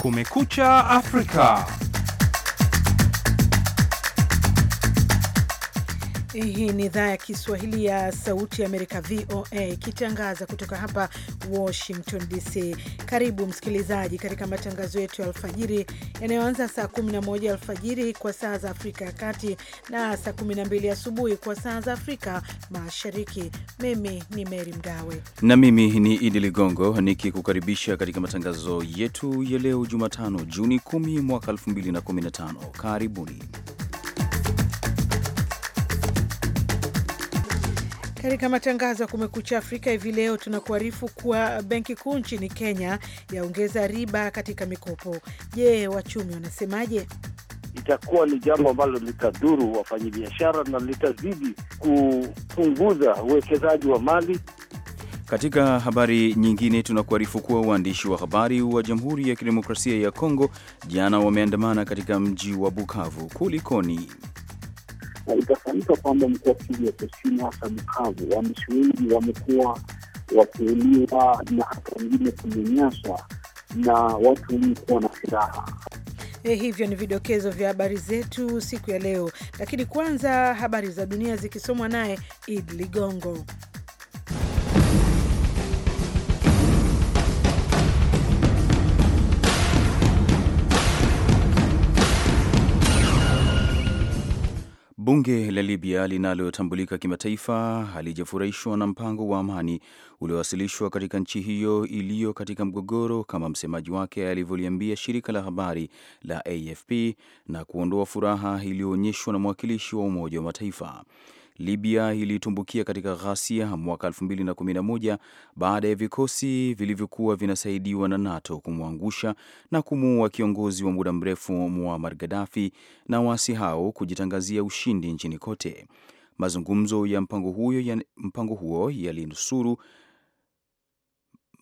Kumekucha Afrika. Hii ni idhaa ya Kiswahili ya Sauti ya Amerika, VOA, ikitangaza kutoka hapa Washington DC. Karibu msikilizaji katika matangazo yetu ya alfajiri yanayoanza saa 11 alfajiri kwa saa za Afrika ya Kati na saa 12 asubuhi kwa saa za Afrika Mashariki. Mimi ni Meri Mgawe na mimi ni Idi Ligongo nikikukaribisha katika matangazo yetu ya leo Jumatano, Juni 10 mwaka 2015. Karibuni. Katika matangazo ya Kumekucha Afrika hivi leo tunakuarifu kuwa benki kuu nchini Kenya yaongeza riba katika mikopo. Je, wachumi wanasemaje? Itakuwa ni jambo ambalo litadhuru wafanyabiashara na litazidi kupunguza uwekezaji wa mali. Katika habari nyingine tunakuarifu kuwa waandishi wa habari wa Jamhuri ya Kidemokrasia ya Kongo jana wameandamana katika mji wa Bukavu. Kulikoni? na ikafanika kwamba mkoa wa Kivu ya Kusini, hasa Bukavu, wamishi wengi wamekuwa wakiuliwa na hata wengine kunyanyaswa na watu kuwa na silaha. Eh, hivyo ni vidokezo vya habari zetu siku ya leo, lakini kwanza habari za dunia zikisomwa naye Id Ligongo. Bunge la Libya linalotambulika kimataifa halijafurahishwa na mpango wa amani uliowasilishwa katika nchi hiyo iliyo katika mgogoro, kama msemaji wake alivyoliambia shirika la habari la AFP, na kuondoa furaha iliyoonyeshwa na mwakilishi wa Umoja wa Mataifa. Libya ilitumbukia katika ghasia mwaka 2011 baada ya vikosi vilivyokuwa vinasaidiwa na NATO kumwangusha na kumuua kiongozi wa muda mrefu Muammar Gaddafi na waasi hao kujitangazia ushindi nchini kote. Mazungumzo ya mpango huo yalinusuru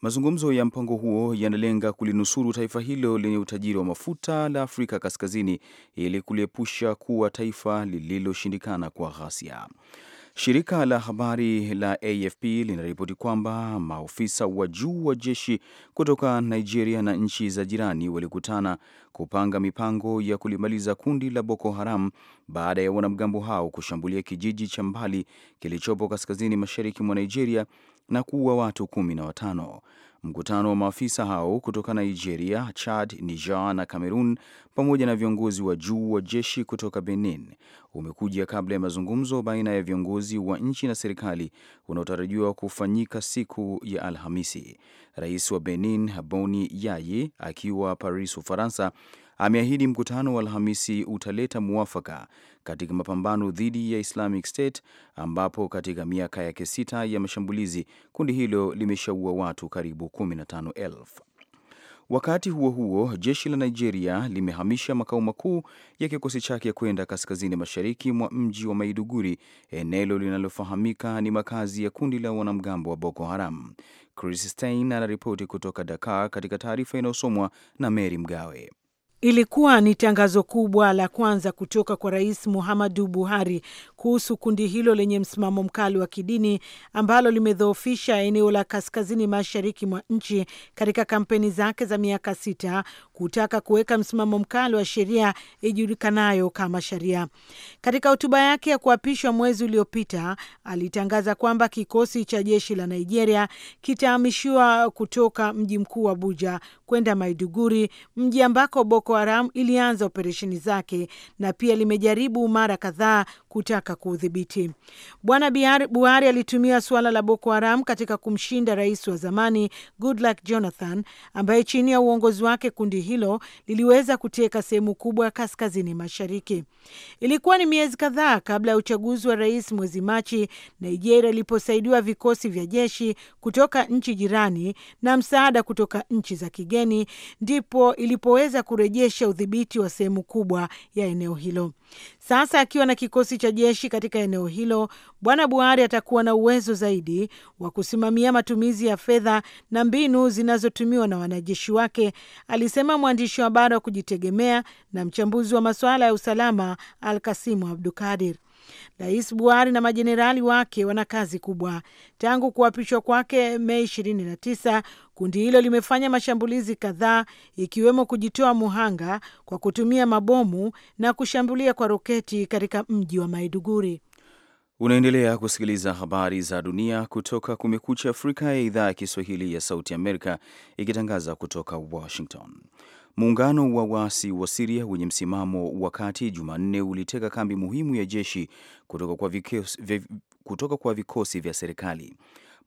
Mazungumzo ya mpango huo yanalenga kulinusuru taifa hilo lenye utajiri wa mafuta la Afrika Kaskazini ili kuliepusha kuwa taifa lililoshindikana kwa ghasia. Shirika la habari la AFP linaripoti kwamba maofisa wa juu wa jeshi kutoka Nigeria na nchi za jirani walikutana kupanga mipango ya kulimaliza kundi la Boko Haram baada ya wanamgambo hao kushambulia kijiji cha mbali kilichopo kaskazini mashariki mwa Nigeria na kuua watu kumi na watano. Mkutano wa maafisa hao kutoka Nigeria, Chad, Niger na Cameroon pamoja na viongozi wa juu wa jeshi kutoka Benin umekuja kabla ya mazungumzo baina ya viongozi wa nchi na serikali unaotarajiwa kufanyika siku ya Alhamisi. Rais wa Benin Boni Yayi akiwa Paris, Ufaransa, ameahidi mkutano wa Alhamisi utaleta mwafaka katika mapambano dhidi ya Islamic State, ambapo katika miaka yake sita ya mashambulizi kundi hilo limeshaua watu karibu 15,000. Wakati huo huo, jeshi la Nigeria limehamisha makao makuu ya kikosi chake kwenda kaskazini mashariki mwa mji wa Maiduguri, eneo linalofahamika ni makazi ya kundi la wanamgambo wa Boko Haram. Chris Stein anaripoti kutoka Dakar katika taarifa inayosomwa na Mary Mgawe. Ilikuwa ni tangazo kubwa la kwanza kutoka kwa Rais Muhammadu Buhari kuhusu kundi hilo lenye msimamo mkali wa kidini ambalo limedhoofisha eneo la kaskazini mashariki mwa nchi katika kampeni zake za miaka sita kutaka kuweka msimamo mkali wa sheria ijulikanayo kama sharia. Katika hotuba yake ya kuapishwa mwezi uliopita, alitangaza kwamba kikosi cha jeshi la Nigeria kitahamishiwa kutoka mji mkuu Abuja kwenda Maiduguri, mji ambako Boko Haram ilianza operesheni zake, na pia limejaribu mara kadhaa kutaka kuudhibiti. Bwana Buhari alitumia suala la Boko Haram katika kumshinda rais wa zamani Goodluck Jonathan, ambaye chini ya uongozi wake kundi hilo liliweza kuteka sehemu kubwa ya kaskazini mashariki. Ilikuwa ni miezi kadhaa kabla ya uchaguzi wa rais mwezi Machi, Nigeria iliposaidiwa vikosi vya jeshi kutoka nchi jirani na msaada kutoka nchi za kigeni, ndipo ilipoweza kurejesha udhibiti wa sehemu kubwa ya eneo hilo. Sasa akiwa na kikosi cha jeshi katika eneo hilo, Bwana Buhari atakuwa na uwezo zaidi wa kusimamia matumizi ya fedha na mbinu zinazotumiwa na wanajeshi wake, alisema mwandishi wa habari wa kujitegemea na mchambuzi wa masuala ya usalama al kasimu Abdukadir. Rais Buhari na majenerali wake wana kazi kubwa. Tangu kuapishwa kwake Mei 29 Kundi hilo limefanya mashambulizi kadhaa ikiwemo kujitoa muhanga kwa kutumia mabomu na kushambulia kwa roketi katika mji wa Maiduguri. Unaendelea kusikiliza habari za dunia kutoka Kumekucha Afrika ya idhaa ya Kiswahili ya Sauti Amerika ikitangaza kutoka Washington. Muungano wa waasi wa Siria wenye msimamo wa kati Jumanne uliteka kambi muhimu ya jeshi kutoka kwa vikosi, kutoka kwa vikosi vya serikali.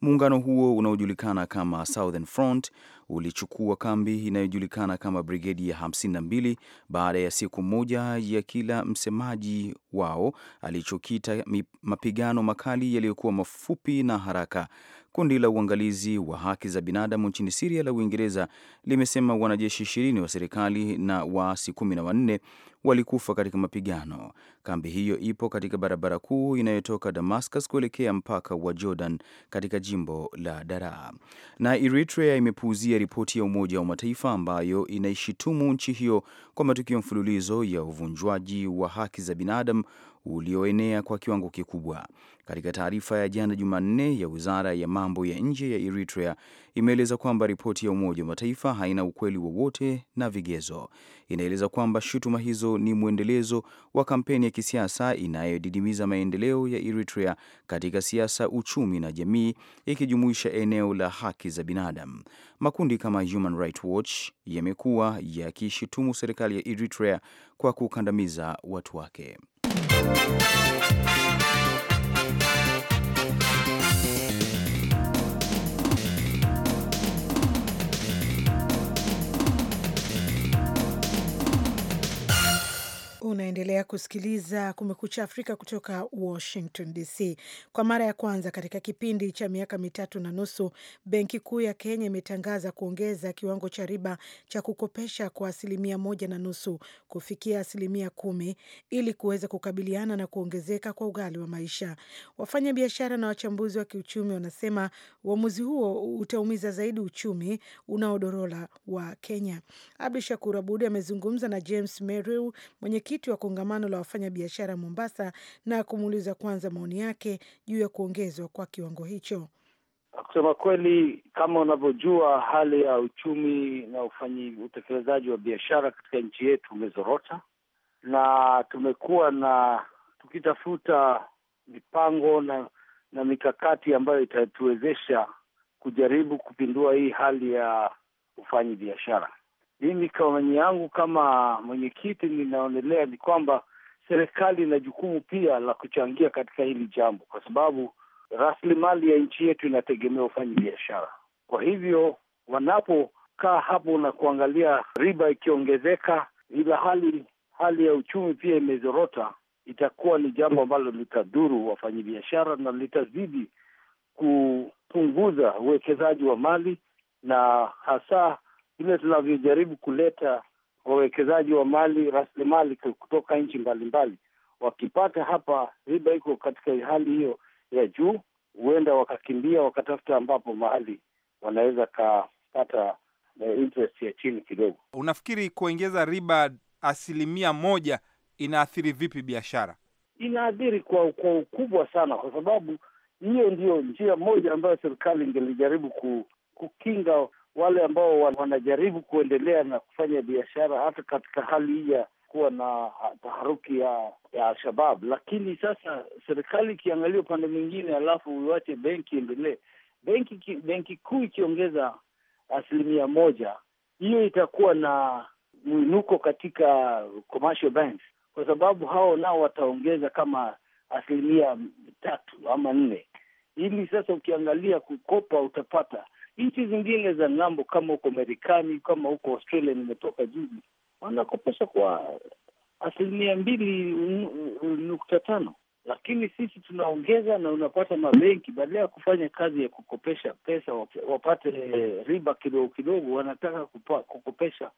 Muungano huo unaojulikana kama Southern Front ulichukua kambi inayojulikana kama Brigedi ya 52 baada ya siku moja ya kila msemaji wao alichokita mapigano makali yaliyokuwa mafupi na haraka. Kundi la uangalizi wa haki za binadamu nchini Siria la Uingereza limesema wanajeshi ishirini wa serikali na waasi kumi na wanne walikufa katika mapigano. Kambi hiyo ipo katika barabara kuu inayotoka Damascus kuelekea mpaka wa Jordan katika jimbo la Daraa. Na Eritrea imepuuzia ripoti ya Umoja wa Mataifa ambayo inaishitumu nchi hiyo kwa matukio mfululizo ya uvunjwaji wa haki za binadamu ulioenea kwa kiwango kikubwa. Katika taarifa ya jana Jumanne ya wizara ya mambo ya nje ya Eritrea imeeleza kwamba ripoti ya Umoja wa Mataifa haina ukweli wowote na vigezo. Inaeleza kwamba shutuma hizo ni mwendelezo wa kampeni ya kisiasa inayodidimiza maendeleo ya Eritrea katika siasa, uchumi na jamii, ikijumuisha eneo la haki za binadamu. Makundi kama Human Rights Watch yamekuwa yakishutumu serikali ya Eritrea kwa kukandamiza watu wake. Unaendelea kusikiliza Kumekucha Afrika kutoka Washington DC. Kwa mara ya kwanza katika kipindi cha miaka mitatu na nusu, Benki Kuu ya Kenya imetangaza kuongeza kiwango cha riba cha kukopesha kwa asilimia moja na nusu kufikia asilimia kumi ili kuweza kukabiliana na kuongezeka kwa ughali wa maisha. Wafanya biashara na wachambuzi wa kiuchumi wanasema uamuzi huo utaumiza zaidi uchumi unaodorola wa Kenya. Abdu Shakur Abud amezungumza na James Merrill, mwenyekiti mwenyekiti wa kongamano la wafanyabiashara Mombasa na kumuuliza kwanza maoni yake juu ya kuongezwa kwa kiwango hicho. Kusema kweli, kama unavyojua, hali ya uchumi na ufanyi utekelezaji wa biashara katika nchi yetu umezorota, na tumekuwa na tukitafuta mipango na na mikakati ambayo itatuwezesha kujaribu kupindua hii hali ya ufanyi biashara. Mimi kwa maoni yangu kama mwenyekiti, ninaonelea ni kwamba serikali ina jukumu pia la kuchangia katika hili jambo, kwa sababu rasilimali ya nchi yetu inategemea ufanya biashara. Kwa hivyo wanapokaa hapo na kuangalia riba ikiongezeka, ila hali hali ya uchumi pia imezorota, itakuwa ni jambo ambalo litadhuru wafanyabiashara na litazidi kupunguza uwekezaji wa mali na hasa vile tunavyojaribu kuleta wawekezaji wa mali rasilimali kutoka nchi mbalimbali, wakipata hapa riba iko katika hali hiyo ya juu, huenda wakakimbia wakatafuta ambapo mahali wanaweza kapata eh, interest ya chini kidogo. Unafikiri kuongeza riba asilimia moja inaathiri vipi biashara? Inaathiri kwa kwa ukubwa sana, kwa sababu hiyo ndiyo njia moja ambayo serikali ingelijaribu kukinga wale ambao wanajaribu kuendelea na kufanya biashara hata katika hali hii ya kuwa na taharuki ya ya Al-Shabab. Lakini sasa serikali ikiangalia upande mwingine, alafu uwache benki endelee, benki benki kuu ikiongeza asilimia moja, hiyo itakuwa na mwinuko katika commercial banks, kwa sababu hao nao wataongeza kama asilimia tatu ama nne, ili sasa ukiangalia kukopa utapata Nchi zingine za ng'ambo kama huko Marekani, kama huko Australia, nimetoka juzi, wanakopesha kwa asilimia mbili nukta tano lakini sisi tunaongeza na unapata mabenki badala ya kufanya kazi ya kukopesha pesa wapate riba kidogo kidogo, wanataka kupa, kukopesha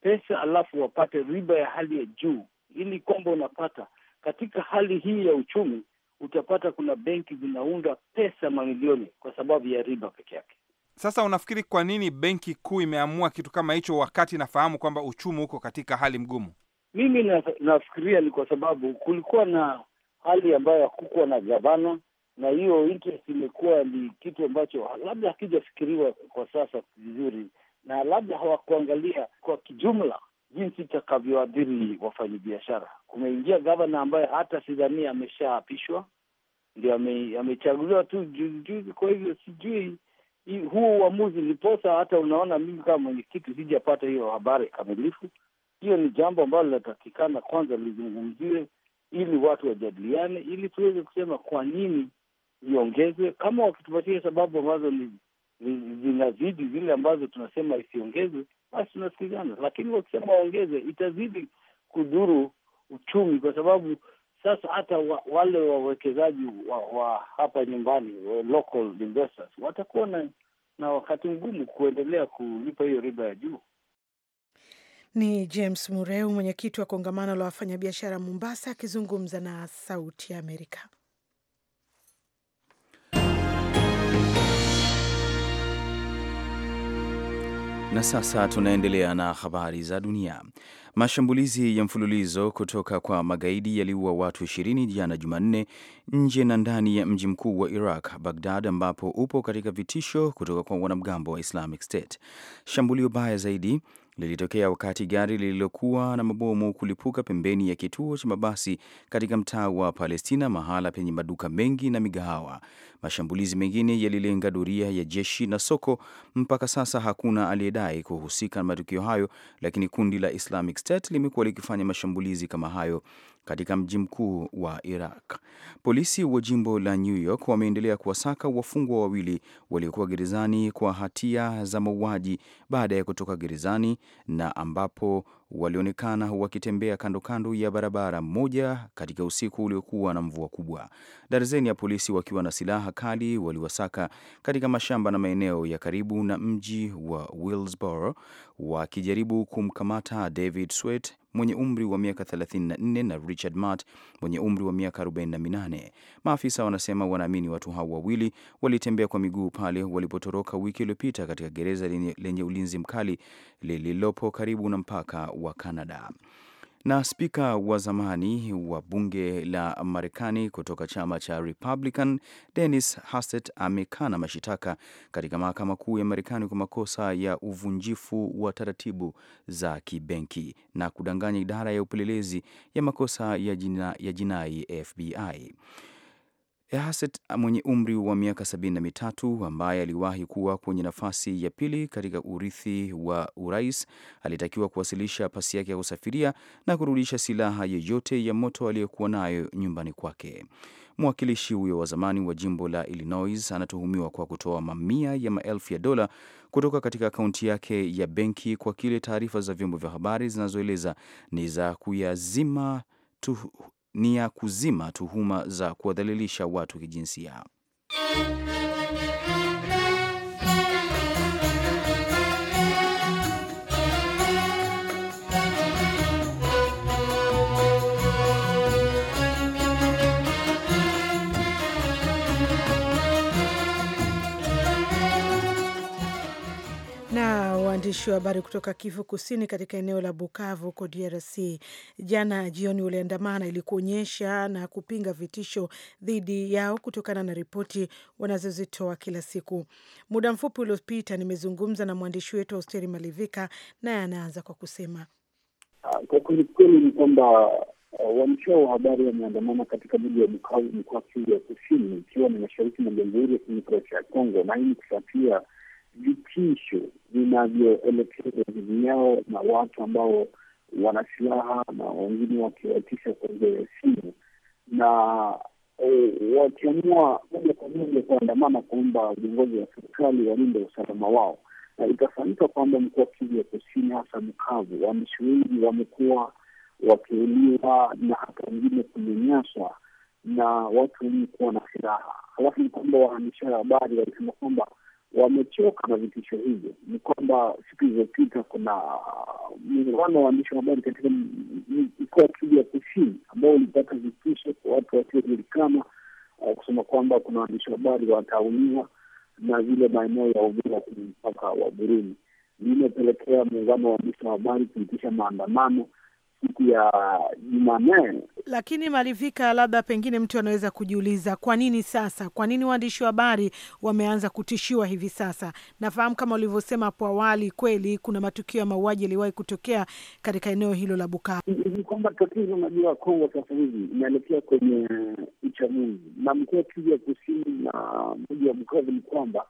pesa alafu wapate riba ya hali ya juu, ili kwamba unapata katika hali hii ya uchumi utapata kuna benki zinaunda pesa mamilioni kwa sababu ya riba peke yake. Sasa unafikiri kwa nini benki kuu imeamua kitu kama hicho, wakati inafahamu kwamba uchumi uko katika hali mgumu? Mimi na, nafikiria ni kwa sababu kulikuwa na hali ambayo hakukuwa na gavana, na hiyo interest imekuwa ni kitu ambacho labda hakijafikiriwa kwa sasa vizuri, na labda hawakuangalia kwa kijumla jinsi itakavyoathiri wafanyabiashara. Kumeingia gavana ambaye hata sidhania ameshaapishwa, ndio amechaguliwa tu juzi juzi, kwa hivyo sijui huo uamuzi, ndiposa hata unaona mimi kama mwenyekiti sijapata hiyo habari kamilifu. Hiyo ni jambo ambalo linatakikana kwanza lizungumziwe, ili watu wajadiliane, ili tuweze kusema kwa nini iongezwe. Kama wakitupatia sababu ambazo ni zinazidi zile ambazo tunasema isiongezwe, basi tunasikizana, lakini wakisema waongeze, itazidi kudhuru uchumi, kwa sababu sasa hata wa, wale wawekezaji wa, wa hapa nyumbani wa local investors watakuwa na, na wakati mgumu kuendelea kulipa hiyo riba ya juu. Ni James Mureu, mwenyekiti wa kongamano la wafanyabiashara Mombasa, akizungumza na Sauti ya Amerika. Na sasa tunaendelea na habari za dunia. Mashambulizi ya mfululizo kutoka kwa magaidi yaliua watu 20 jana Jumanne nje na ndani ya mji mkuu wa Iraq, Bagdad, ambapo upo katika vitisho kutoka kwa wanamgambo wa Islamic State. Shambulio baya zaidi lilitokea wakati gari lililokuwa na mabomu kulipuka pembeni ya kituo cha mabasi katika mtaa wa Palestina, mahala penye maduka mengi na migahawa. Mashambulizi mengine yalilenga doria ya jeshi na soko. Mpaka sasa hakuna aliyedai kuhusika na matukio hayo, lakini kundi la Islamic State limekuwa likifanya mashambulizi kama hayo katika mji mkuu wa Iraq. Polisi wa jimbo la New York wameendelea kuwasaka wafungwa wawili waliokuwa gerezani kwa hatia za mauaji baada ya kutoka gerezani na ambapo walionekana wakitembea kando kando ya barabara moja katika usiku uliokuwa na mvua kubwa. Darzeni ya polisi wakiwa na silaha kali waliwasaka katika mashamba na maeneo ya karibu na mji wa Willsboro wakijaribu kumkamata David swet mwenye umri wa miaka 34 na Richard Mart mwenye umri wa miaka 48. Maafisa wanasema wanaamini watu hao wawili walitembea kwa miguu pale walipotoroka wiki iliyopita katika gereza lenye ulinzi mkali lililopo karibu na mpaka wa canada na spika wa zamani wa bunge la Marekani kutoka chama cha Republican Dennis Hastert amekana mashitaka katika mahakama kuu ya Marekani kwa makosa ya uvunjifu wa taratibu za kibenki na kudanganya idara ya upelelezi ya makosa ya jinai jina FBI. Ehaset ah, mwenye umri wa miaka sabini na mitatu ambaye aliwahi kuwa kwenye nafasi ya pili katika urithi wa urais alitakiwa kuwasilisha pasi yake ya kusafiria na kurudisha silaha yeyote ya moto aliyokuwa nayo nyumbani kwake. Mwakilishi huyo wa zamani wa jimbo la Illinois anatuhumiwa kwa kutoa mamia ya maelfu ya dola kutoka katika akaunti yake ya benki kwa kile taarifa za vyombo vya habari zinazoeleza ni za kuyazima ni ya kuzima tuhuma za kuwadhalilisha watu kijinsia. Waandishi wa habari kutoka Kivu Kusini katika eneo la Bukavu huko DRC jana jioni waliandamana ili kuonyesha na kupinga vitisho dhidi yao kutokana na ripoti wanazozitoa kila siku. Muda mfupi uliopita nimezungumza na mwandishi wetu Austeri Malivika, naye anaanza kwa kusema ah, kwa kweli kweli ni kwamba ah, waandishi wa habari wameandamana katika mji wa Bukavu, mkoa wa Kivu ya Kusini, ikiwa ni mashariki mwa Jamhuri ya Kidemokrasia ya Kongo, na hii ni kufuatia vitisho vinavyoelekezwa dhidi yao na watu ambao wana silaha na wengine wakiwatisha kwenye simu na e, wakiamua moja kwa moja kuandamana kuomba viongozi wa serikali walinde usalama wao, na itafanyika kwamba mkoa wa Kivu ya Kusini, hasa Bukavu, waandishi wengi wamekuwa wakiuliwa na hata wengine kunyanyaswa na watu wenye kuwa na silaha. Halafu ni kwamba waandishi wa habari walisema kwamba wamechoka na vitisho hivyo. Ni kwamba siku ilizopita kuna muungano wa waandishi wa habari katika mikoa kili Kivu ya Kusini ambao ulipata vitisho kwa watu wasiojulikana, uh, kusema kwamba kuna waandishi wa habari watauliwa na vile maeneo ya Uvira kwenye mpaka wa Burundi. Limepelekea muungano wa waandishi wa habari kuitisha maandamano siku ya Jumanne lakini Malivika, labda pengine mtu anaweza kujiuliza kwa nini sasa, kwa nini waandishi wa habari wameanza kutishiwa hivi sasa? Nafahamu kama ulivyosema hapo awali, kweli kuna matukio ya mauaji yaliwahi kutokea katika eneo hilo la Bukavu. Ni kwamba tatizo, unajua Kongo sasa hivi inaelekea kwenye uh, uchaguzi, na mkoa Kivu ya Kusini na mji wa Bukavu ni kwamba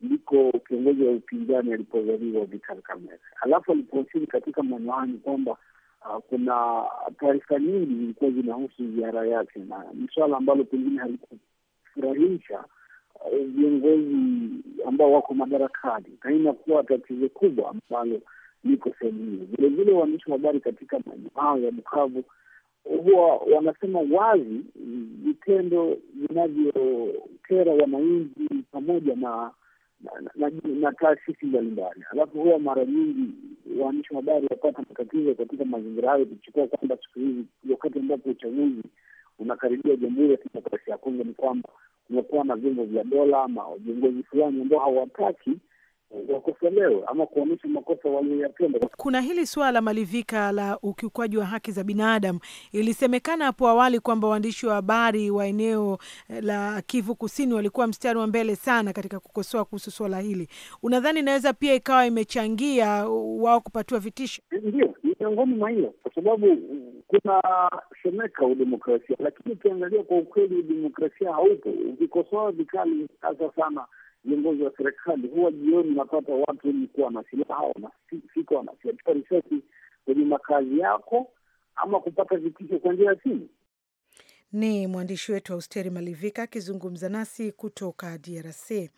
ndiko kiongozi wa upinzani alipozaliwa Vital Kamerhe, alafu alipowasili katika manyani kwamba Ah, kuna taarifa nyingi zilikuwa zinahusu ziara yake, na ni swala ambalo pengine halikufurahisha eh, viongozi ambao wako madarakani, Kaina kuwa tatizo kubwa ambalo liko sehemu hiyo. Vilevile waandishi wa habari katika maeneo ya Bukavu huwa wanasema wazi vitendo vinavyokera wananchi pamoja na na, na, na taasisi mbalimbali. Alafu huwa mara nyingi waandishi wa habari wapata matatizo katika mazingira hayo, kuchukua kwamba siku hizi wakati ambapo uchaguzi unakaribia Jamhuri ya Kidemokrasia ya Kongo ni kwamba kumekuwa na vyombo vya dola ama viongozi fulani ambao hawataki wakosolewe ama kuonyesha makosa walioyatenda. Kuna hili suala malivika la ukiukwaji wa haki za binadamu. Ilisemekana hapo awali kwamba waandishi wa habari wa eneo eh, la Kivu Kusini walikuwa mstari wa mbele sana katika kukosoa kuhusu suala hili. Unadhani inaweza pia ikawa imechangia uh, wao kupatiwa vitisho? Eh, ndio, ni miongoni mwa hiyo, kwa sababu uh, kuna semeka udemokrasia, lakini ukiangalia kwa ukweli udemokrasia haupo. Ukikosoa vikali hasa sana viongozi wa serikali huwa jioni unapata watu wenye kuwa na silaha wanafika, wanafyatua risasi kwenye makazi yako ama kupata vitisho kwa njia ya simu. Ni mwandishi wetu Austeri Malivika akizungumza nasi kutoka DRC.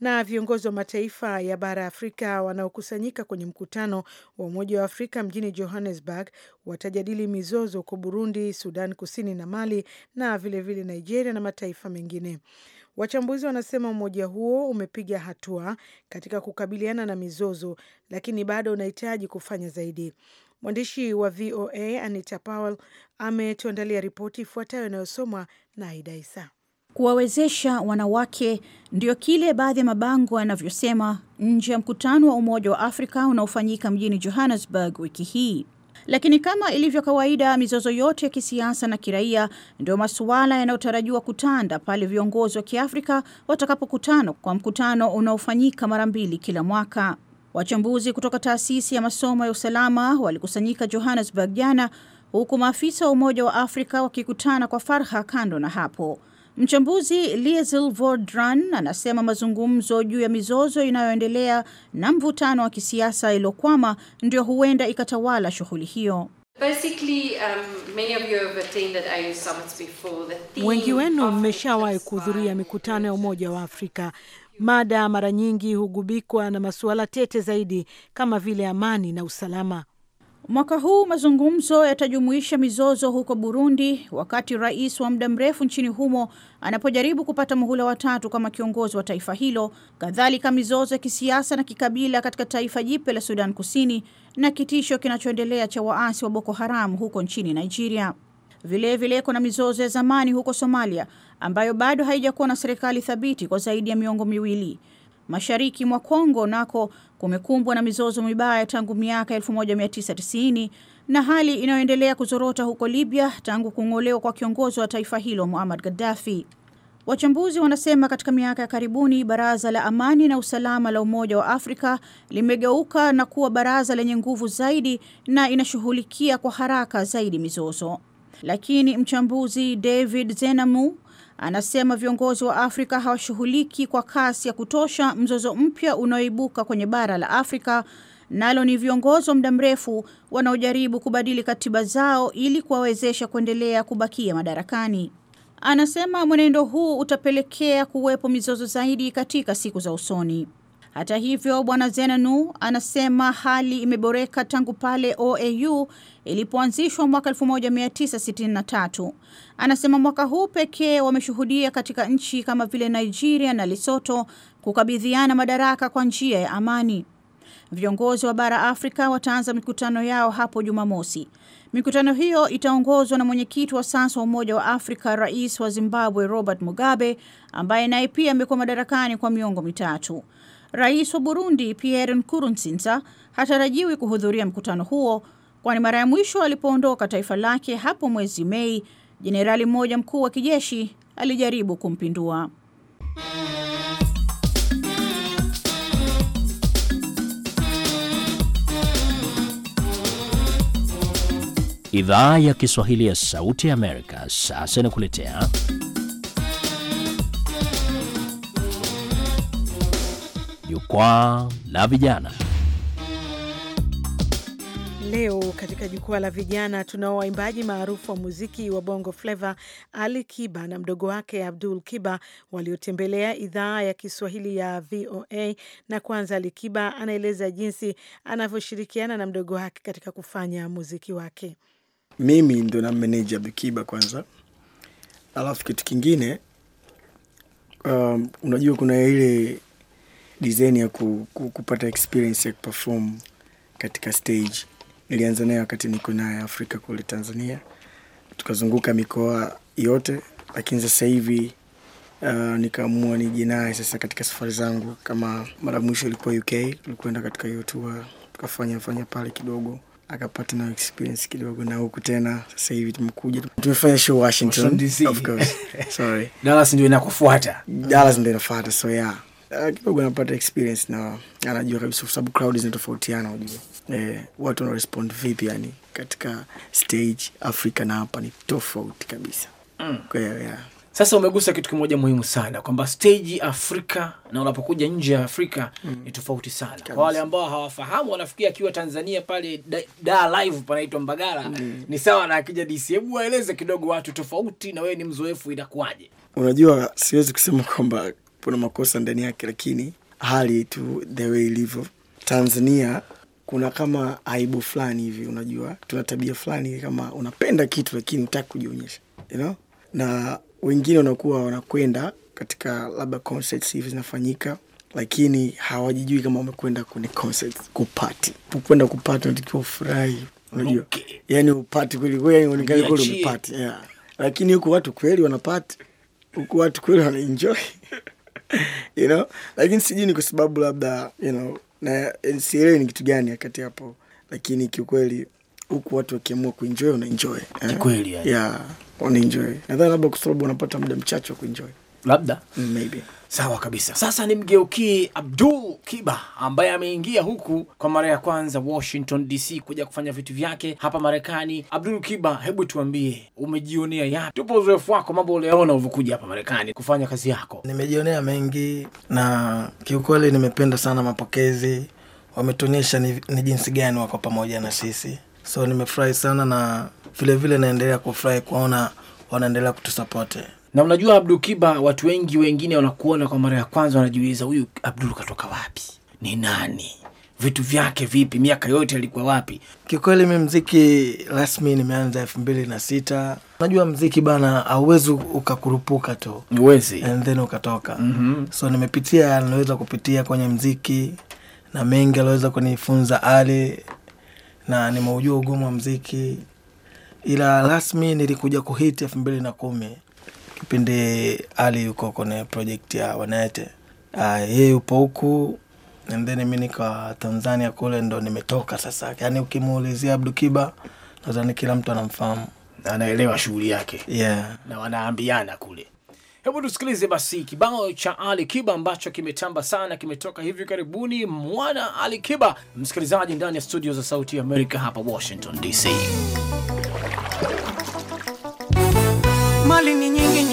Na viongozi wa mataifa ya bara ya Afrika wanaokusanyika kwenye mkutano wa Umoja wa Afrika mjini Johannesburg watajadili mizozo huko Burundi, Sudan Kusini na Mali, na vilevile vile Nigeria na mataifa mengine. Wachambuzi wanasema umoja huo umepiga hatua katika kukabiliana na mizozo, lakini bado unahitaji kufanya zaidi. Mwandishi wa VOA Anita Powell ametuandalia ripoti ifuatayo inayosomwa na Aida Isa. Kuwawezesha wanawake ndio kile baadhi ya mabango yanavyosema nje ya mkutano wa Umoja wa Afrika unaofanyika mjini Johannesburg wiki hii. Lakini kama ilivyo kawaida, mizozo yote ya kisiasa na kiraia ndio masuala yanayotarajiwa kutanda pale viongozi wa Kiafrika watakapokutana kwa mkutano unaofanyika mara mbili kila mwaka. Wachambuzi kutoka taasisi ya masomo ya usalama walikusanyika Johannesburg jana, huku maafisa wa Umoja wa Afrika wakikutana kwa farha. Kando na hapo Mchambuzi Liesl Vordran anasema mazungumzo juu ya mizozo inayoendelea na mvutano wa kisiasa iliyokwama ndio huenda ikatawala shughuli hiyo. Um, wengi wenu mmeshawahi kuhudhuria mikutano ya Umoja wa Afrika. Mada mara nyingi hugubikwa na masuala tete zaidi kama vile amani na usalama. Mwaka huu mazungumzo yatajumuisha mizozo huko Burundi, wakati rais wa muda mrefu nchini humo anapojaribu kupata muhula watatu kama kiongozi wa taifa hilo, kadhalika mizozo ya kisiasa na kikabila katika taifa jipya la Sudan Kusini na kitisho kinachoendelea cha waasi wa Boko Haram huko nchini Nigeria. Vilevile kuna mizozo ya zamani huko Somalia ambayo bado haijakuwa na serikali thabiti kwa zaidi ya miongo miwili. Mashariki mwa Kongo nako kumekumbwa na mizozo mibaya tangu miaka 1990 na hali inayoendelea kuzorota huko Libya tangu kung'olewa kwa kiongozi wa taifa hilo Muammar Gaddafi. Wachambuzi wanasema katika miaka ya karibuni Baraza la Amani na Usalama la Umoja wa Afrika limegeuka na kuwa baraza lenye nguvu zaidi na inashughulikia kwa haraka zaidi mizozo. Lakini mchambuzi David Zenamu Anasema viongozi wa Afrika hawashughuliki kwa kasi ya kutosha mzozo mpya unaoibuka kwenye bara la Afrika, nalo ni viongozi wa muda mrefu wanaojaribu kubadili katiba zao ili kuwawezesha kuendelea kubakia madarakani. Anasema mwenendo huu utapelekea kuwepo mizozo zaidi katika siku za usoni. Hata hivyo, Bwana Zenanu anasema hali imeboreka tangu pale OAU ilipoanzishwa mwaka 1963. Anasema mwaka huu pekee wameshuhudia katika nchi kama vile Nigeria na Lesotho kukabidhiana madaraka kwa njia ya amani. Viongozi wa bara Afrika wataanza mikutano yao hapo Jumamosi. Mikutano hiyo itaongozwa na mwenyekiti wa sasa wa Umoja wa Afrika, Rais wa Zimbabwe Robert Mugabe, ambaye naye pia amekuwa madarakani kwa miongo mitatu. Rais wa Burundi Pierre Nkurunziza hatarajiwi kuhudhuria mkutano huo, kwani mara ya mwisho alipoondoka taifa lake hapo mwezi Mei, jenerali mmoja mkuu wa kijeshi alijaribu kumpindua. Idhaa ya Kiswahili ya Sauti ya Amerika sasa inakuletea Jukwaa la Vijana. Leo katika jukwaa la vijana tuna waimbaji maarufu wa muziki wa bongo fleva Ali Kiba na mdogo wake Abdul Kiba waliotembelea idhaa ya Kiswahili ya VOA. Na kwanza, Ali Kiba anaeleza jinsi anavyoshirikiana na mdogo wake katika kufanya muziki wake. Mimi ndo na meneja Abdul Kiba kwanza, alafu kitu kingine um, unajua kuna ile design ya ku, ku, kupata experience ya kuperform katika stage nilianza nayo wakati niko naye Afrika kule Tanzania, tukazunguka mikoa yote, lakini sasa hivi uh, nikaamua nije naye sasa katika safari zangu. Kama mara mwisho ilikuwa UK, tulikwenda katika hiyo tour tukafanya fanya pale kidogo akapata na experience kidogo na huku tena sasa hivi tumekuja tumefanya show Washington, Washington DC. Of course. Sorry. Dallas ndio inakufuata. Dallas ndio inafuata so yeah. Eh, kidogo anapata experience na anajua kabisa kwa sababu crowd zinatofautiana, unajua eh, watu wana respond vipi yani katika stage Afrika na hapa ni tofauti kabisa mm. Kwa hiyo yeah. Sasa umegusa kitu kimoja muhimu sana kwamba stage Afrika na unapokuja nje ya Afrika mm. ni tofauti sana Kwa wale ambao hawafahamu wanafikia akiwa Tanzania pale da, da live panaitwa Mbagala mm. ni sawa na akija DC. Hebu waeleze kidogo watu tofauti, na wewe ni mzoefu, inakuwaje? Unajua, siwezi kusema kwamba kuna makosa ndani yake, lakini hali tu the way ilivyo Tanzania kuna kama aibu fulani hivi, unajua tuna tabia fulani, kama unapenda kitu lakini hutaki kujionyesha you know? na wengine wanakuwa wanakwenda katika labda concerts hivi zinafanyika, lakini hawajijui kama wamekwenda kwenye concert kupati, kwenda kupati unatakiwa ufurahi, unajua okay. Yani upati kweli, yani unikali kweli yaani umepati yeah. Lakini huku watu kweli wanapati, huku watu kweli wanaenjoy you know lakini sijui ni kwa sababu labda you know na eh, sielewi ni kitu gani wakati hapo lakini kiukweli huku watu wakiamua kuenjoy unaenjoy eh? kweli yeah, unaenjoy nadhani labda kwa sababu unapata muda mchache wa kuenjoy labda maybe. Sawa kabisa. Sasa nimgeukie Abdul Kiba ambaye ameingia huku kwa mara ya kwanza Washington DC kuja kufanya vitu vyake hapa Marekani. Abdul Kiba, hebu tuambie umejionea yapi? Tupo uzoefu wako, mambo uliona uvokuja hapa Marekani kufanya kazi yako. Nimejionea mengi na kiukweli nimependa sana mapokezi, wametuonyesha ni, ni jinsi gani wako pamoja na sisi, so nimefurahi sana na vilevile naendelea kufurahi kuona wanaendelea kutusapote na unajua Abdul Kiba, watu wengi wengine wanakuona kwa mara ya kwanza, wanajiuliza huyu Abdul katoka wapi? Ni nani? Vitu vyake vipi? Miaka yote alikuwa wapi? Kiukweli mi mziki rasmi nimeanza elfu mbili na sita. Unajua mziki bana, auwezi ukakurupuka tu uwezi and then ukatoka. mm -hmm. So nimepitia, naweza kupitia kwenye mziki na mengi aliweza kunifunza Ali na nimeujua ugumu wa mziki, ila rasmi nilikuja kuhiti elfu mbili na kumi kipindi Ali yuko kwenye project ya Wanete. Uh, yupo huku and then mimi Tanzania kule ndo nimetoka sasa. Yaani ukimuulizia Abdukiba nadhani kila mtu anamfahamu, anaelewa shughuli yake. Yeah. Na wanaambiana kule. Hebu tusikilize basi kibao cha Ali Kiba ambacho kimetamba sana, kimetoka hivi karibuni. Mwana Ali Kiba, msikilizaji, ndani ya studio za Sauti ya Amerika hapa Washington DC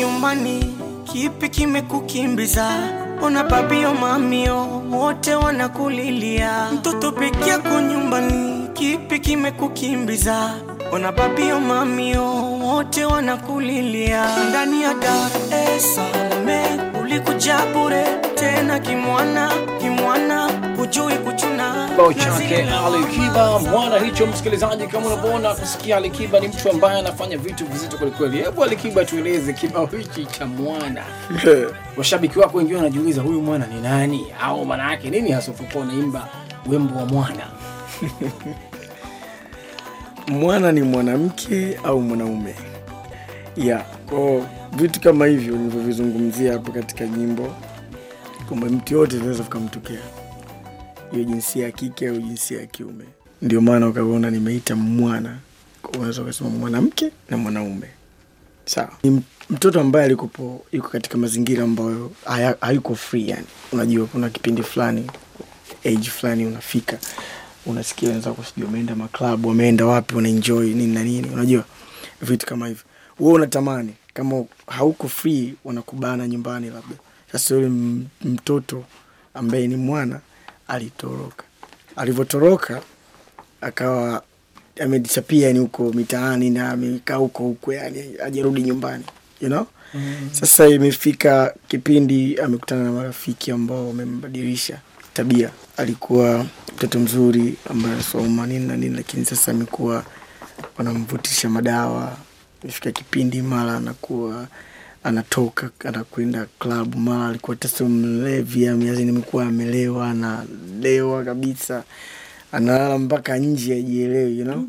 nyumbani, kipi kimekukimbiza? Ona babio mamio wote wanakulilia. Mtoto peke yako nyumbani, kipi kimekukimbiza? Ona babio mamio wote wanakulilia. Ndani ya Dar es Salaam ulikuja bure, tena kimwana kimwana kibao chake Alikiba mwana hicho. Msikilizaji, kama unavyoona kusikia, Alikiba ni mtu ambaye anafanya vitu vizito kwelikweli. Hebu Alikiba, tueleze kibao hichi cha mwana. Washabiki wako wengi wanajiuliza huyu mwana ni nani, au maana yake nini hasa unapokuwa unaimba wimbo wa mwana? Mwana ni mwanamke au mwanaume? Yeah, kwa vitu kama hivyo nilivyovizungumzia hapo katika nyimbo, kwamba mtu yote anaweza kumtokea iwe jinsia ya kike au jinsia ya kiume. Ndio maana ukaona nimeita mwana, unaweza ukasema mwanamke na mwanaume. Sawa, ni mtoto ambaye alikupo yuko katika mazingira ambayo hayuko free. Yani unajua kuna kipindi fulani, age fulani unafika unasikia wenzako sijui wameenda maklabu wameenda wapi wanaenjoy nini na nini, unajua vitu kama hivyo, wewe unatamani kama hauko free, wanakubana nyumbani labda. Sasa yule mtoto ambaye ni mwana alitoroka. Alivotoroka akawa amedisapia yani huko mitaani na amekaa huko huko yani ajerudi nyumbani you know? Mm. Sasa imefika kipindi amekutana na marafiki ambao wamembadilisha tabia. Alikuwa mtoto mzuri ambaye anasoma nini na nini, lakini sasa amekuwa wanamvutisha madawa. Imefika kipindi mara anakuwa anatoka anakwenda klabu, mara alikuwa taso mlevi, miazi nimekuwa amelewa, analewa kabisa, analala mpaka nje ajielewi, you know?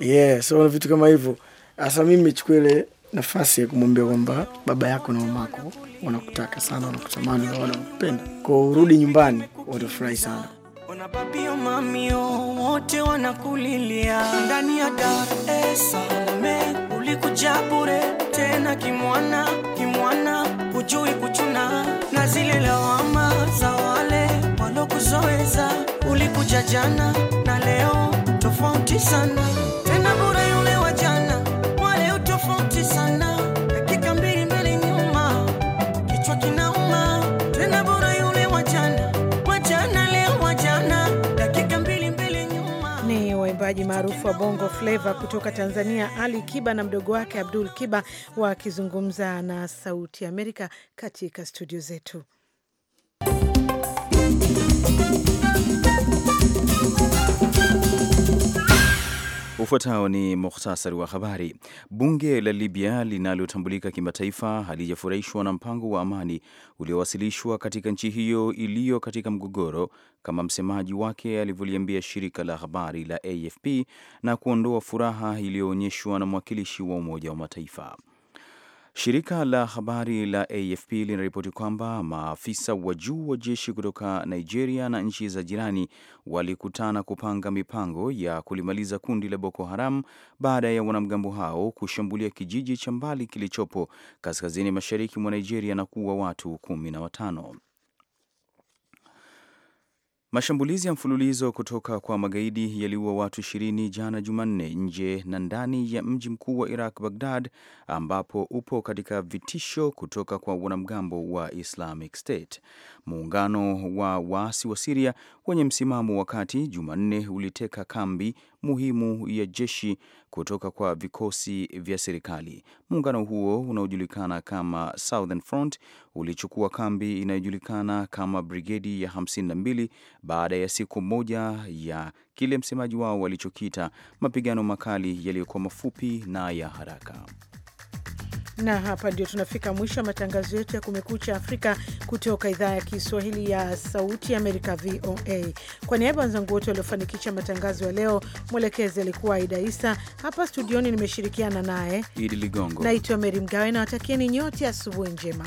Yeah, so vitu kama hivyo. Sasa mimi nimechukua ile nafasi ya kumwambia kwamba baba yako na mamako wanakutaka sana, wanakutamani na wanakupenda, kwa urudi nyumbani, watafurahi sana. Papio oh mamio oh, wote wanakulilia ndani ya Dar es eh, Salaam. jana na leo tofauti sana, tena bora yule wa jana wa leo tofauti sana, dakika mbili mbele nyuma, kichwa kinauma. Tena bora yule wa jana wa jana, leo wa jana, dakika mbili mbele nyuma. Ni waimbaji maarufu wa Bongo flavo kutoka Tanzania, Ali Kiba na mdogo wake Abdul Kiba wakizungumza na Sauti Amerika katika studio zetu. Ufuatao ni muhtasari wa habari. Bunge la Libya linalotambulika kimataifa halijafurahishwa na mpango wa amani uliowasilishwa katika nchi hiyo iliyo katika mgogoro, kama msemaji wake alivyoliambia shirika la habari la AFP, na kuondoa furaha iliyoonyeshwa na mwakilishi wa Umoja wa Mataifa. Shirika la habari la AFP linaripoti kwamba maafisa wa juu wa jeshi kutoka Nigeria na nchi za jirani walikutana kupanga mipango ya kulimaliza kundi la Boko Haram baada ya wanamgambo hao kushambulia kijiji cha mbali kilichopo kaskazini mashariki mwa Nigeria na kuua watu kumi na watano. Mashambulizi ya mfululizo kutoka kwa magaidi yaliua watu ishirini jana Jumanne nje na ndani ya mji mkuu wa Iraq, Baghdad, ambapo upo katika vitisho kutoka kwa wanamgambo wa Islamic State. Muungano wa waasi wa Siria wenye msimamo wa kati Jumanne uliteka kambi muhimu ya jeshi kutoka kwa vikosi vya serikali. Muungano huo unaojulikana kama Southern Front ulichukua kambi inayojulikana kama Brigedi ya 52 baada ya siku moja ya kile msemaji wao walichokita mapigano makali yaliyokuwa mafupi na ya haraka. Na hapa ndio tunafika mwisho wa matangazo yetu ya Kumekucha Afrika kutoka idhaa ya Kiswahili ya Sauti Amerika, VOA. Kwa niaba ya wenzangu wote waliofanikisha matangazo ya leo, mwelekezi alikuwa Aida Isa. Hapa studioni nimeshirikiana naye Idi Ligongo. Naitwa Meri Mgawe, nawatakieni nyote asubuhi njema.